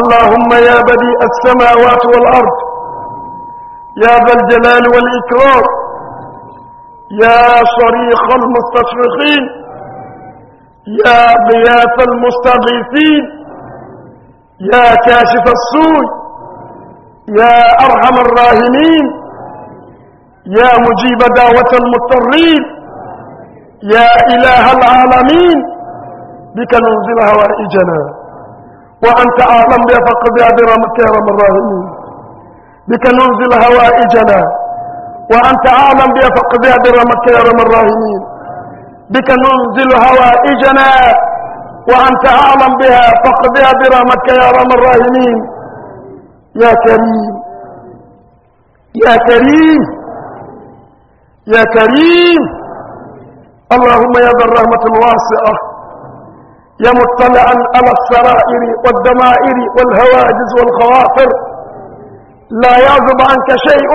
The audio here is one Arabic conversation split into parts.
اللهم يا بديء السماوات والأرض يا ذا الجلال والإكرام يا صريخ المستصرخين يا غياث المستغيثين يا كاشف السوء يا أرحم الراحمين يا مجيب دعوة المضطرين يا إله العالمين بك ننزل وإجنا وأنت أعلم بي فقد برحمتك يا رب الراحمين بك ننزل هوائجنا وأنت أعلم بي فقد برحمتك يا رب الراحمين بك ننزل هوائجنا وأنت أعلم بها فقد برحمتك يا رب الراحمين يا كريم يا كريم يا كريم اللهم يا ذا الرحمة الواسعة يا مطلعا على السرائر والدمائر والهواجز والخواطر لا يعزب عنك شيء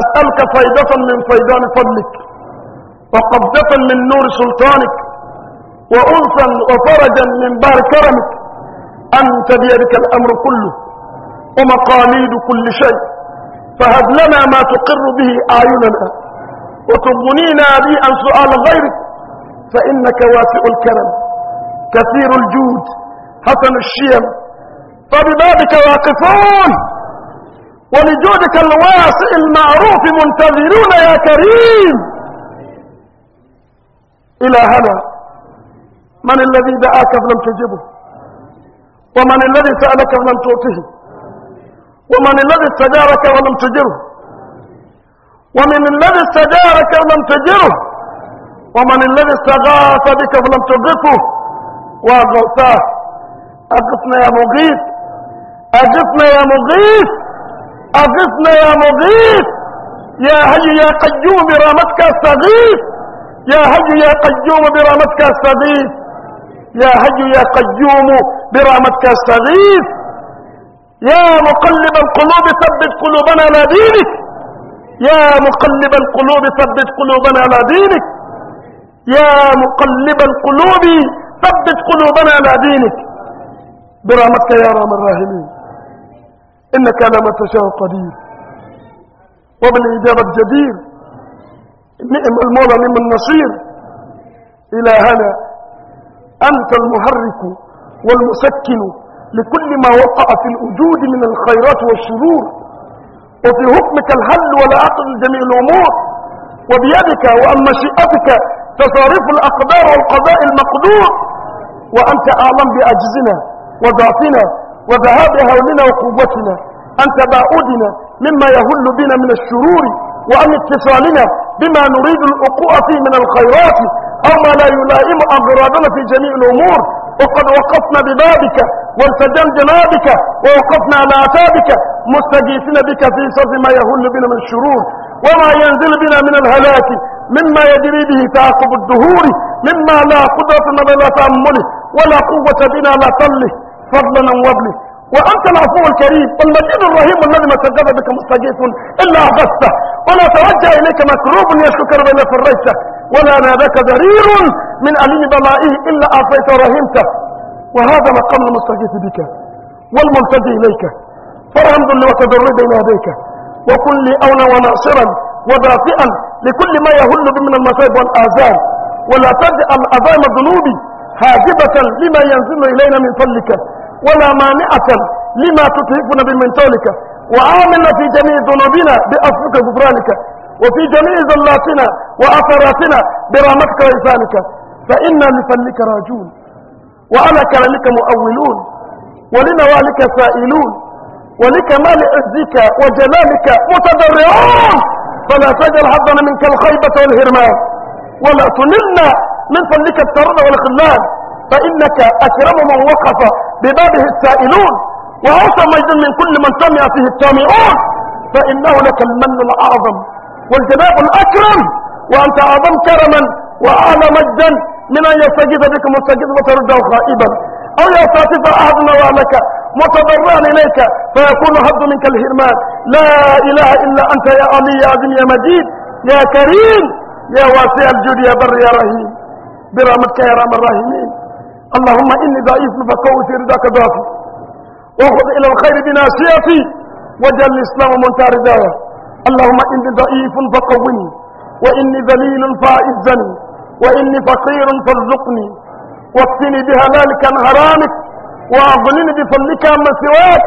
أسألك فيضة من فيضان فضلك وقبضة من نور سلطانك وأنسا وفرجا من بار كرمك أنت بيدك الأمر كله ومقاليد كل شيء فهب لنا ما تقر به أعيننا وتغنينا به عن سؤال غيرك فإنك واسع الكرم كثير الجود حسن الشيم فببابك واقفون ولجودك الواسع المعروف منتظرون يا كريم إلى هنا من الذي دعاك فلم تجبه ومن الذي سألك فلم تعطه ومن الذي استجارك ولم تجره ومن الذي استجارك ولم تجره ومن الذي استغاث بك فلم تغفه وغوثاه أقفنا يا مغيث أقفنا يا مغيث أقفنا يا مغيث يا هي يا قيوم برامتك استغيث يا هي يا قيوم برامتك استغيث يا هي يا قيوم برامتك استغيث يا مقلب القلوب ثبت قلوبنا على دينك يا مقلب القلوب ثبت قلوبنا على دينك يا مقلب القلوب ثبت قلوبنا على دينك برحمتك يا ارحم الراحمين انك على ما تشاء قدير وبالاجابه جدير نعم المولى نعم النصير الى هنا انت المحرك والمسكن لكل ما وقع في الوجود من الخيرات والشرور وفي حكمك الحل والعقل لجميع الامور وبيدك وأن مشيئتك تصارف الاقدار والقضاء المقدور وأنت أعلم بأجزنا وضعفنا وذهاب هولنا وقوتنا عن تباعدنا مما يهل بنا من الشرور وعن اتصالنا بما نريد الأقوة فيه من الخيرات أو ما لا يلائم أغراضنا في جميع الأمور وقد وقفنا ببابك وارتجل جنابك ووقفنا على أتابك مستجيثنا بك في صف ما يهل بنا من الشرور وما ينزل بنا من الهلاك مما يجري به تعقب الدهور مما لا قدرة ولا تأمله ولا قوة بنا لا تله فضلا وابله وأنت العفو الكريم والمجيد الرحيم الذي ما سجد بك مستجيف إلا أغثته ولا توجه إليك مكروب شكر بين فريته ولا ناداك ذرير من أليم بلائه إلا أعطيته ورحمته وهذا مقام المستجيف بك والمنتدي إليك فالحمد لله وتضر بين يديك وكن لي أونا وناصرا ودافئا لكل ما يهل بي من المصائب والآذان ولا تجعل عظائم ذنوبي حاجبة لما ينزل إلينا من فضلك ولا مانعة لما بمن تولك وآمنا في جميع ذنوبنا بأفرك غفرانك وفي جميع ذلاتنا وأثراتنا برامتك وإحسانك فإنا لفلك راجون وعلى كرمك مؤولون ولنوالك سائلون ولكمال عزك وجلالك متضرعون فلا تجعل حظنا منك الخيبة والهرمان ولا تنلنا من فضلك الترن والخلان فإنك أكرم من وقف ببابه السائلون وأوسع مجدا من كل من سمع فيه السامعون فإنه لك المن الأعظم والجناب الأكرم وأنت أعظم كرما وأعلى مجدا من أن يستجيب بك مستجد وترده خائبا أو يستعطف أحد نوالك متضرعا إليك فيكون هد منك الهرمان لا إله إلا أنت يا علي يا عظيم يا مجيد يا كريم يا واسع الجود يا بر يا رهيم برحمتك يا رحم الراحمين اللهم إني ضعيف فقوي في رضاك ضعفي وخذ إلى الخير بناصيتي وجل الإسلام منتهى ردايا اللهم إني ضعيف فقوني وإني ذليل فاعزني وإني فقير فارزقني واكفني بهلالك عن هرامك وأظلني بفضلك عما سواك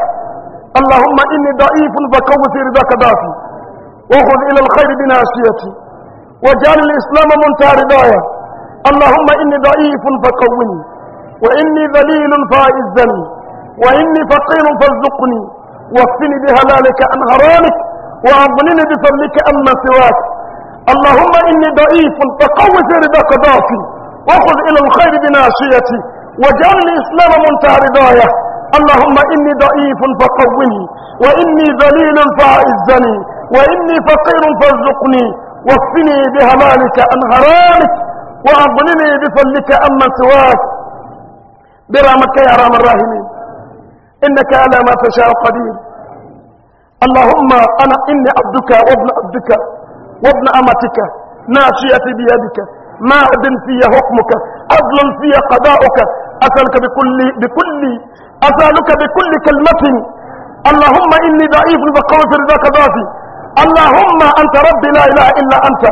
اللهم إني ضعيف فقوي في رضاك ضعفي وخذ إلى الخير بناصيتي وجعل الإسلام منتهى ردايا اللهم إني ضعيف فقوني وإني ذليل فأعزني وإني فقير فارزقني واكفني بهلالك عن حرامك وأضلني بفضلك أما سواك اللهم إني ضعيف فقو في رضاك ضعفي وخذ إلى الخير بناشيتي وجعل الإسلام منتهى رضايه اللهم إني ضعيف فقوني وإني ذليل فأعزني وإني فقير فارزقني وافني بهلالك عن حرامك وأظلمي بفلك أما سواك برامك يا رام الراحمين إنك على ما تشاء قدير اللهم أنا إني عبدك وابن عبدك وابن أمتك ناشيتي بيدك أدن في حكمك عدل في قضاؤك أسألك بكل بكل أسألك بكل كلمة اللهم إني ضعيف بقوة رزاك ضعفي اللهم أنت ربي لا إله إلا أنت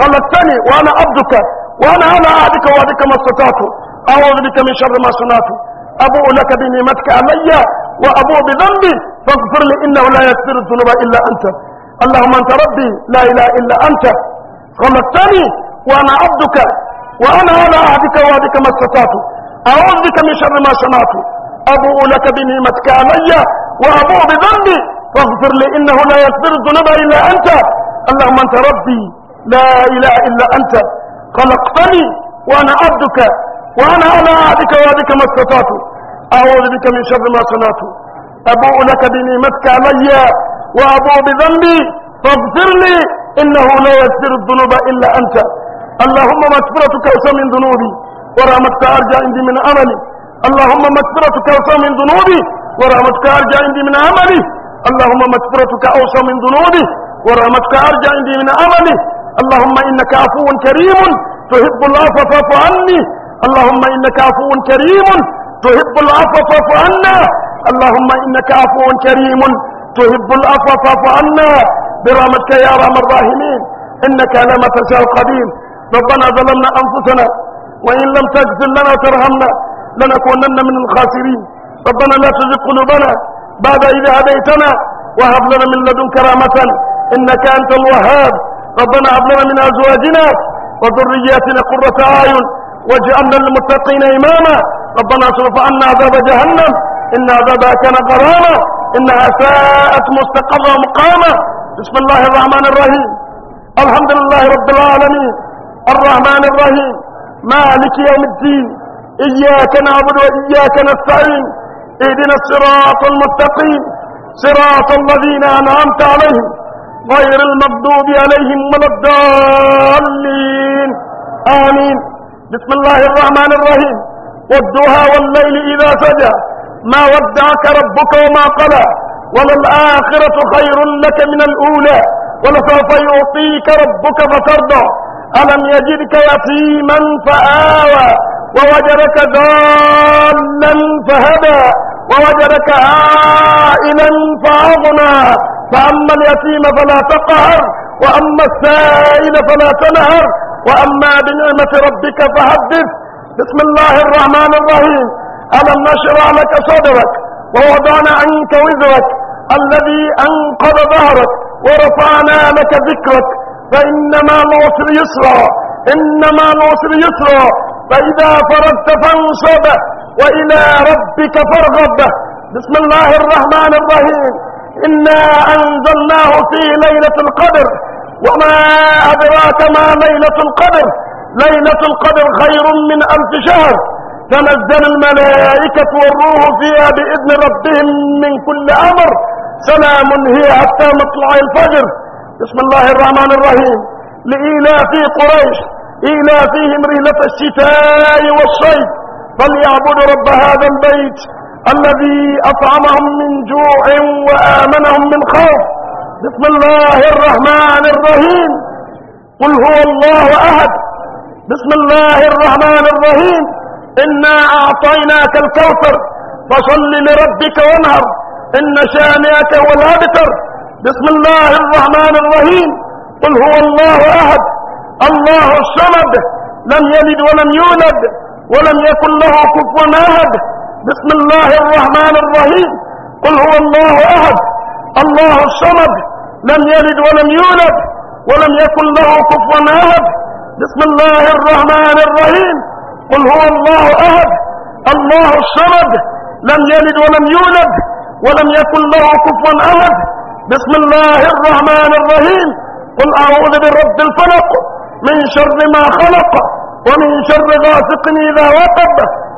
خلقتني وأنا عبدك وانا على عهدك وعدك ما استطعت اعوذ بك من شر ما صنعت ابوء لك بنعمتك علي وابوء بذنبي فاغفر لي انه لا يغفر الذنوب الا انت اللهم انت ربي لا اله الا انت خلقتني وانا عبدك وانا على عهدك وعدك ما استطعت اعوذ بك من شر ما صنعت ابوء لك بنعمتك علي وابوء بذنبي فاغفر لي انه لا يغفر الذنوب الا انت اللهم انت ربي لا اله الا انت خلقتني وأنا عبدك وأنا على عهدك وعدك ما استطعت أعوذ بك من شر ما صنعت أبوء لك بنعمتك علي وأبوء بذنبي فاغفر لي إنه لا يغفر الذنوب إلا أنت اللهم مغفرتك أوسع من ذنوبي ورحمتك أرجى عندي من أملي اللهم مغفرتك أوسع من ذنوبي ورحمتك أرجى عندي من أملي اللهم مغفرتك أوسع من ذنوبي ورحمتك أرجى عندي من أملي اللهم إنك عفو كريم تحب العفو فاعف عني اللهم إنك عفو كريم تحب العفو فاعف عنا اللهم إنك عفو كريم تحب العفو فاعف عنا برحمتك يا أرحم الراحمين إنك على ما تشاء قدير ربنا ظلمنا أنفسنا وإن لم تغفر لنا وترحمنا لنكونن من الخاسرين ربنا لا تزغ قلوبنا بعد اذا هديتنا وهب لنا من لدنك رحمة إنك أنت الوهاب ربنا هب لنا من أزواجنا وذرياتنا قرة أعين واجعلنا للمتقين إماما ربنا اصرف عنا عذاب جهنم إن عذابها كان غراما إنها ساءت مستقرا مقاما بسم الله الرحمن الرحيم الحمد لله رب العالمين الرحمن الرحيم مالك يوم الدين إياك نعبد وإياك نستعين اهدنا الصراط المستقيم صراط الذين أنعمت عليهم غير المغضوب عليهم ولا الضالين آمين بسم الله الرحمن الرحيم والضحى والليل إذا سجى ما ودعك ربك وما قلى وللآخرة خير لك من الأولى ولسوف يعطيك ربك فترضى ألم يجدك يتيما فآوى ووجدك ضالا فهدى ووجدك عائلا فأغنى فأما اليتيم فلا تقهر وأما السائل فلا تنهر وأما بنعمة ربك فحدث بسم الله الرحمن الرحيم ألم نشرع لك صدرك ووضعنا عنك وزرك الذي أنقض ظهرك ورفعنا لك ذكرك فإنما العسر يسرا إنما العسر يسرا فإذا فرغت فانصب وإلى ربك فارغب بسم الله الرحمن الرحيم إنا أنزلناه في ليلة القدر وما أدراك ما ليلة القدر ليلة القدر خير من ألف شهر تنزل الملائكة والروح فيها بإذن ربهم من كل أمر سلام هي حتى مطلع الفجر بسم الله الرحمن الرحيم لإيلاف قريش إيلافهم رحلة الشتاء والصيف فليعبدوا رب هذا البيت الذي أطعمهم من جوع وآمنهم من خوف بسم الله الرحمن الرحيم قل هو الله أحد بسم الله الرحمن الرحيم إنا أعطيناك الكوثر فصل لربك وانهر إن شانئك هو الأبتر بسم الله الرحمن الرحيم قل هو الله أحد الله الصمد لم يلد ولم يولد ولم يكن له كفوا أحد بسم الله الرحمن الرحيم قل هو الله أحد الله الصمد لم يلد ولم يولد ولم يكن له كفوا أحد بسم الله الرحمن الرحيم قل هو الله أحد الله الصمد لم يلد ولم يولد ولم يكن له كفوا أحد بسم الله الرحمن الرحيم قل أعوذ برب الفلق من شر ما خلق ومن شر غاسق إذا وقب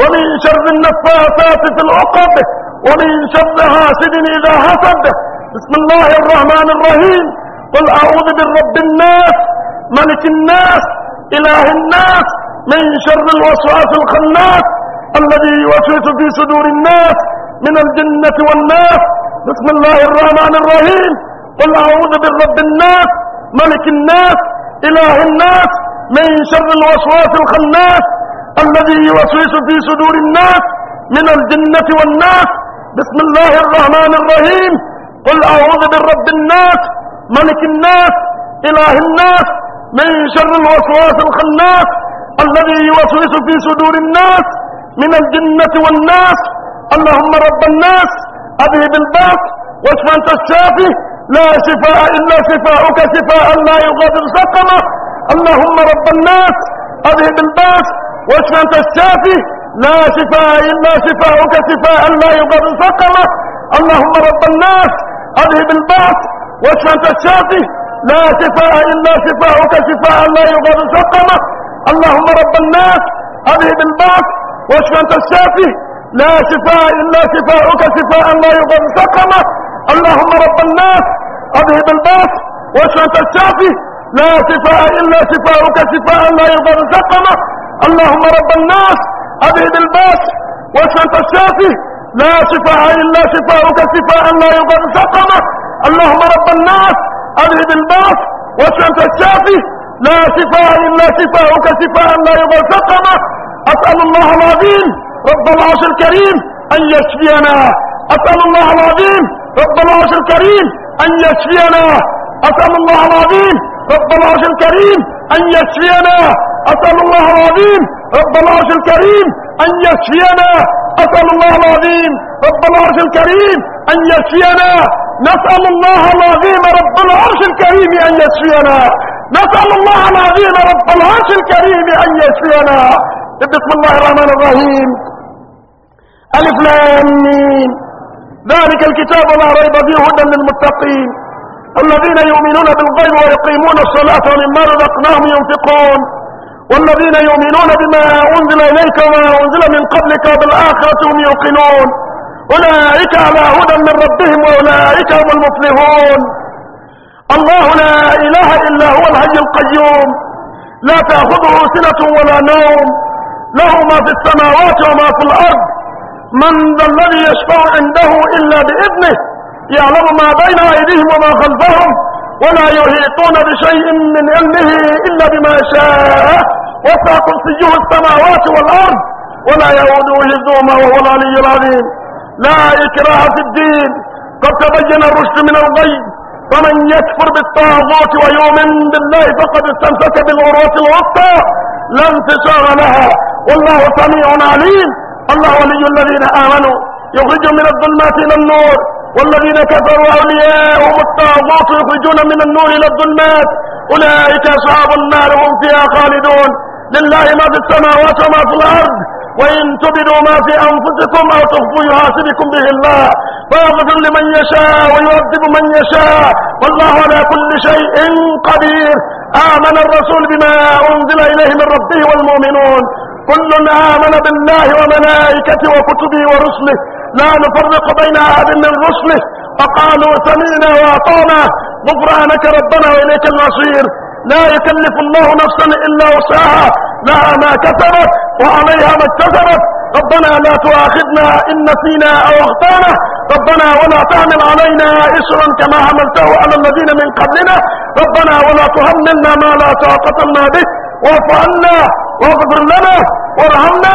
ومن شر النفاثات في العقد ومن شر حاسد إذا حسد بسم الله الرحمن الرحيم قل أعوذ برب الناس ملك الناس إله الناس من شر الوسواس الخناس الذي يوسوس في صدور الناس من الجنة والناس بسم الله الرحمن الرحيم قل أعوذ برب الناس ملك الناس إله الناس من شر الوسواس الخناس الذي يوسوس في صدور الناس من الجنة والناس بسم الله الرحمن الرحيم قل أعوذ برب الناس ملك الناس إله الناس من شر الوسواس الخناس الذي يوسوس في صدور الناس من الجنة والناس اللهم رب الناس أبي بالباس واشف أنت الشافي لا شفاء إلا شفاؤك شفاء لا يغادر سقما اللهم رب الناس أذهب الباس واشف أنت الشافي لا شفاء إلا شفاءك شفاء لا يبر سقما اللهم رب الناس أذهب البعث واشف أنت الشافي لا شفاء إلا شفاءك شفاء لا يبر سقما اللهم رب الناس أذهب البعث واشف أنت الشافي لا شفاء إلا شفاءك شفاء لا يبر سقما اللهم رب الناس أذهب البعث واشف أنت الشافي لا شفاء إلا شفاءك شفاء لا يبر سقما اللهم رب الناس أبعد الباس واشف الشافي لا شفاء إلا شفاءك شفاء لا يغادر سقما اللهم رب الناس أبعد الباس واشف الشافي لا شفاء إلا شفاءك شفاء لا يغادر سقما أسأل الله العظيم رب العرش الكريم أن يشفينا أسأل الله العظيم رب العرش الكريم أن يشفينا أسأل الله العظيم رب العرش الكريم أن يشفينا أسأل الله العظيم رب العرش الكريم أن يشفينا أسأل الله العظيم رب العرش الكريم أن يشفينا نسأل الله العظيم رب العرش الكريم أن يشفينا نسأل الله العظيم رب العرش الكريم أن يشفينا بسم الله الرحمن الرحيم ألف لامين ذلك الكتاب لا ريب فيه هدى للمتقين الذين يؤمنون بالغيب ويقيمون الصلاة ومما رزقناهم ينفقون والذين يؤمنون بما أنزل إليك وما أنزل من قبلك بالآخرة هم يوقنون أولئك على هدى من ربهم وأولئك هم المفلحون الله لا إله إلا هو الحي القيوم لا تأخذه سنة ولا نوم له ما في السماوات وما في الأرض من ذا الذي يشفع عنده إلا بإذنه يعلم ما بين أيديهم وما خلفهم ولا يحيطون بشيء من علمه إلا بما شاء وسع كرسيه السماوات والأرض ولا يعودوا حفظهما وهو العلي العظيم لا إكراه في الدين قد تبين الرشد من الغي فمن يكفر بالطاغوت ويؤمن بالله فقد استمسك بالعروة الوسطى لا انتشار لها والله سميع عليم الله ولي الذين آمنوا يخرجهم من الظلمات إلى النور والذين كفروا أولياءهم الطاغوت يخرجون من النور إلى الظلمات أولئك أصحاب النار هم فيها خالدون لله ما في السماوات وما في الأرض وإن تبدوا ما في أنفسكم أو تخفوا يحاسبكم به الله فيغفر لمن يشاء ويعذب من يشاء والله على كل شيء قدير آمن الرسول بما أنزل إليه من ربه والمؤمنون كل آمن بالله وملائكته وكتبه ورسله لا نفرق بين أحد من رسله فقالوا سمعنا وأطعنا غفرانك ربنا وإليك المصير لا يكلف الله نفسا إلا وسعها لها ما كسبت وعليها ما اكتسبت ربنا لا تؤاخذنا إن نسينا أو أخطأنا ربنا ولا تحمل علينا إسرا كما حملته على الذين من قبلنا ربنا ولا تهملنا ما لا طاقة لنا به واعف عنا واغفر لنا وارحمنا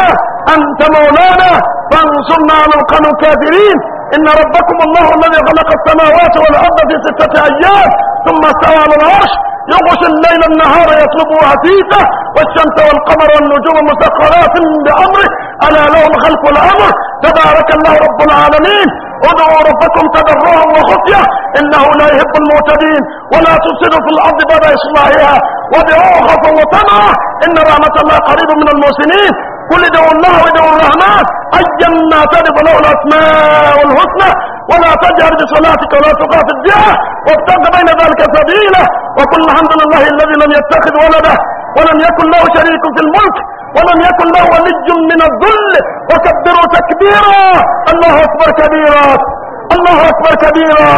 أنت مولانا فانصرنا على القوم الكافرين إن ربكم الله الذي خلق السماوات والأرض في ستة أيام ثم استوى على العرش يغشي الليل النهار يطلبه عزيزة والشمس والقمر والنجوم مسخرات بأمره ألا له الخلق والأمر تبارك الله رب العالمين ادعوا ربكم تضرعا وخفية إنه لا يحب المعتدين ولا تفسدوا في الأرض بعد إصلاحها ودعوه خوفا وطمعا إن رحمة الله قريب من المحسنين قل ادعوا الله وادعوا الرحمن ايا ما تدب له الاسماء الحسنى ولا تجهر بصلاتك ولا تخافت بها وابتغ بين ذلك سبيلا وقل الحمد لله الذي لم يتخذ ولده ولم يكن له شريك في الملك ولم يكن له ولي من الذل وكبروا تكبيرا الله اكبر كبيرا الله اكبر كبيرا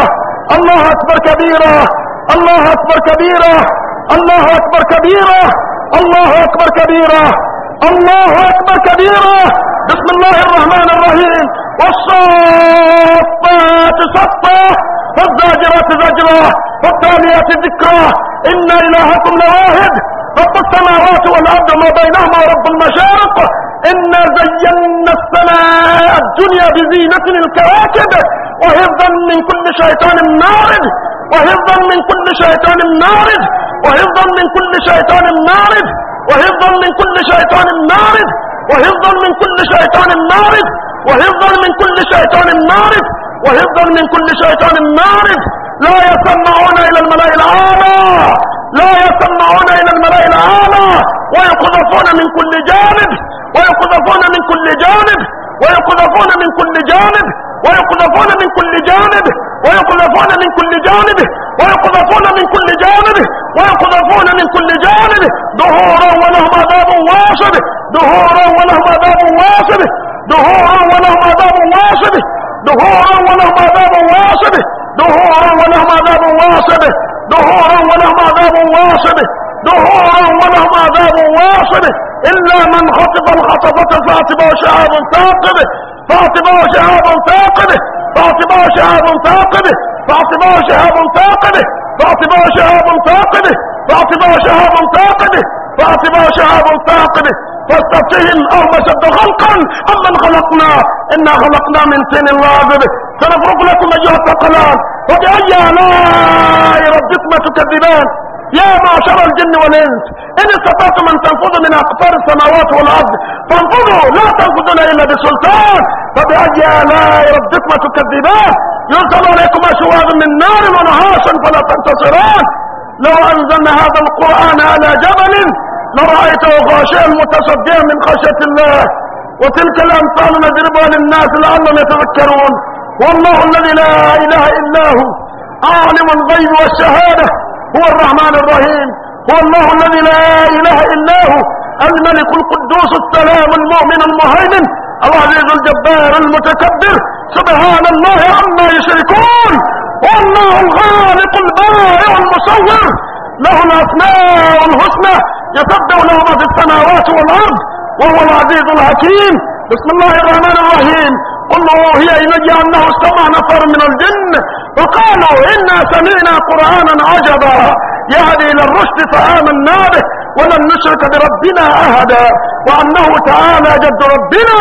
الله اكبر كبيرا الله اكبر كبيرا الله اكبر كبيرا الله اكبر كبيرا الله أكبر كبيرة بسم الله الرحمن الرحيم والصفات صفة والزاجرات زجرة والتاليات ذكرى إن إلهكم لواحد رب السماوات والأرض وما بينهما رب المشارق إنا زينا السماء الدنيا بزينة الكواكب وحفظا من كل شيطان مارد وحفظا من كل شيطان مارد وحفظا من كل شيطان مارد وحفظا من كل شيطان مارد وحفظا من كل شيطان مارد وحفظا من كل شيطان مارد وحفظا من كل شيطان مارد لا يسمعون إلى الملائكة لا يسمعون من كل جانب ويقذفون من كل جانب ويقذفون من كل جانب ويقذفون من كل جانب ويقذفون من كل جانب ويقذفون من كل جانب ويقذفون من كل جانب ظهورا ولهم عذاب واصب ظهورا ولهم عذاب واصب ظهورا ولهم عذاب واصب ظهورا ولهم خطب الخطبة فاطمة وشعاب ثاقبه فاطمة وشعاب ثاقبه فاطمة وشعاب ثاقبه فاطمة وشعاب ثاقبه فاطمة وشعاب ثاقبه فاطمة وشعاب ثاقبه فاطمة وشعاب ثاقبه فاستفتهم أهم شد خلقا أما خلقنا إنا خلقنا من سن واجب سنفرق لكم أيها الثقلان وبأي آلاء ربكما تكذبان يا معشر الجن والانس ان استطعتم ان تنفذوا من اقطار السماوات والارض فانفذوا لا تنفذون الا بسلطان فباي الاء ربكما تكذبان يرسل عليكما شواظ من نار ونهاش فلا تنتصران لو انزلنا هذا القران على جبل لرايته خاشعا متصديا من خشيه الله وتلك الامثال نضربها للناس لعلهم يتذكرون والله الذي لا اله الا هو عالم الغيب والشهاده هو الرحمن الرحيم هو الله الذي لا إله إلا هو الملك القدوس السلام المؤمن المهيمن العزيز الجبار المتكبر سبحان الله عما يشركون والله الخالق البارئ المصور له الأسماء الحسنى يصدق له ما في السماوات والأرض وهو العزيز الحكيم بسم الله الرحمن الرحيم قل له هي إلي أنه استمع نفر من الجن وقالوا إنا سمعنا قرآنا عجبا يهدي إلى الرشد فآمنا به ولن نشرك بربنا أحدا وأنه تعالى جد ربنا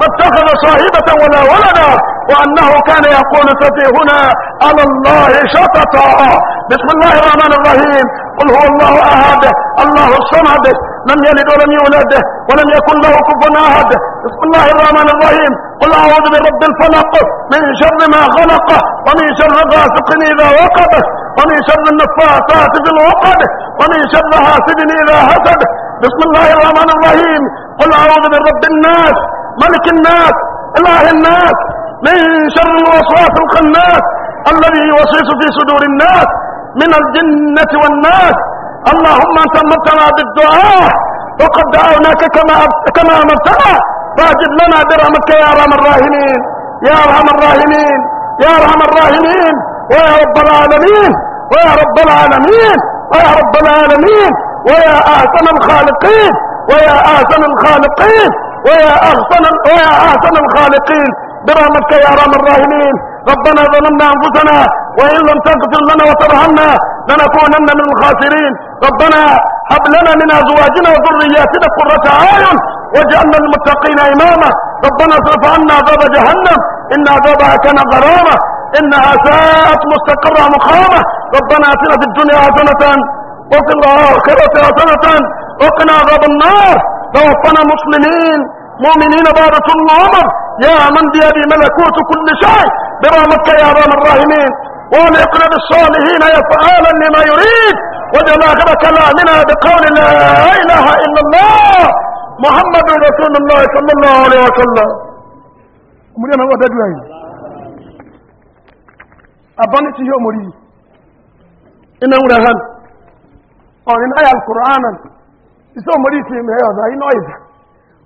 فاتخذ صاحبة ولا ولدا وأنه كان يقول فتيهنا على الله شططا بسم الله الرحمن الرحيم قل هو الله أحد الله الصمد لم يلد ولم يولد ولم يكن له كفوا أحد بسم الله الرحمن الرحيم قل أعوذ برب الفلق من شر ما خلق ومن شر غاسق إذا وقب ومن شر النفاثات في العقد ومن شر حاسد إذا حسد بسم الله الرحمن الرحيم قل أعوذ برب الناس ملك الناس إله الناس من شر الوسواس الخناس الذي يوسوس في صدور الناس من الجنة والناس اللهم أنت أمرتنا بالدعاء وقد دعوناك كما كما أمرتنا فاجب لنا برحمتك يا أرحم الراحمين يا أرحم الراحمين يا أرحم الراحمين ويا رب العالمين ويا رب العالمين ويا رب العالمين ويا أحسن الخالقين ويا أحسن الخالقين ويا أحسن ويا أحسن الخالقين برحمتك يا أرحم الراحمين ربنا ظلمنا أنفسنا وإن لم تغفر لنا وترحمنا لنكونن من الخاسرين ربنا هب لنا من أزواجنا وذرياتنا قرة أعين واجعلنا للمتقين إماما ربنا اصرف عنا عذاب جهنم إن عذابها كان غرامة إنها ساءت مستقرة مقامة ربنا أتنا في الدنيا حسنة وفي الآخرة حسنة وقنا عذاب النار توفنا مسلمين مؤمنين بعد وعمر أمم. يا من بيدي ملكوت كل شيء برامك يا ارحم الراحمين والإقر بالصالحين يفعالا لما يريد وجل آخر كلامنا بقول لا إله إلا الله محمد رسول الله صلى الله عليه وسلم مريم هو دجوين أبنتي يوم أموري إنه رهان قال إن آية القرآن إسو أموري في مهيوزة إنه آية. إذا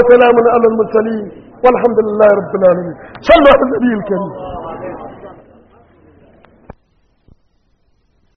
وسلام على المرسلين والحمد لله رب العالمين صلوا على النبي الكريم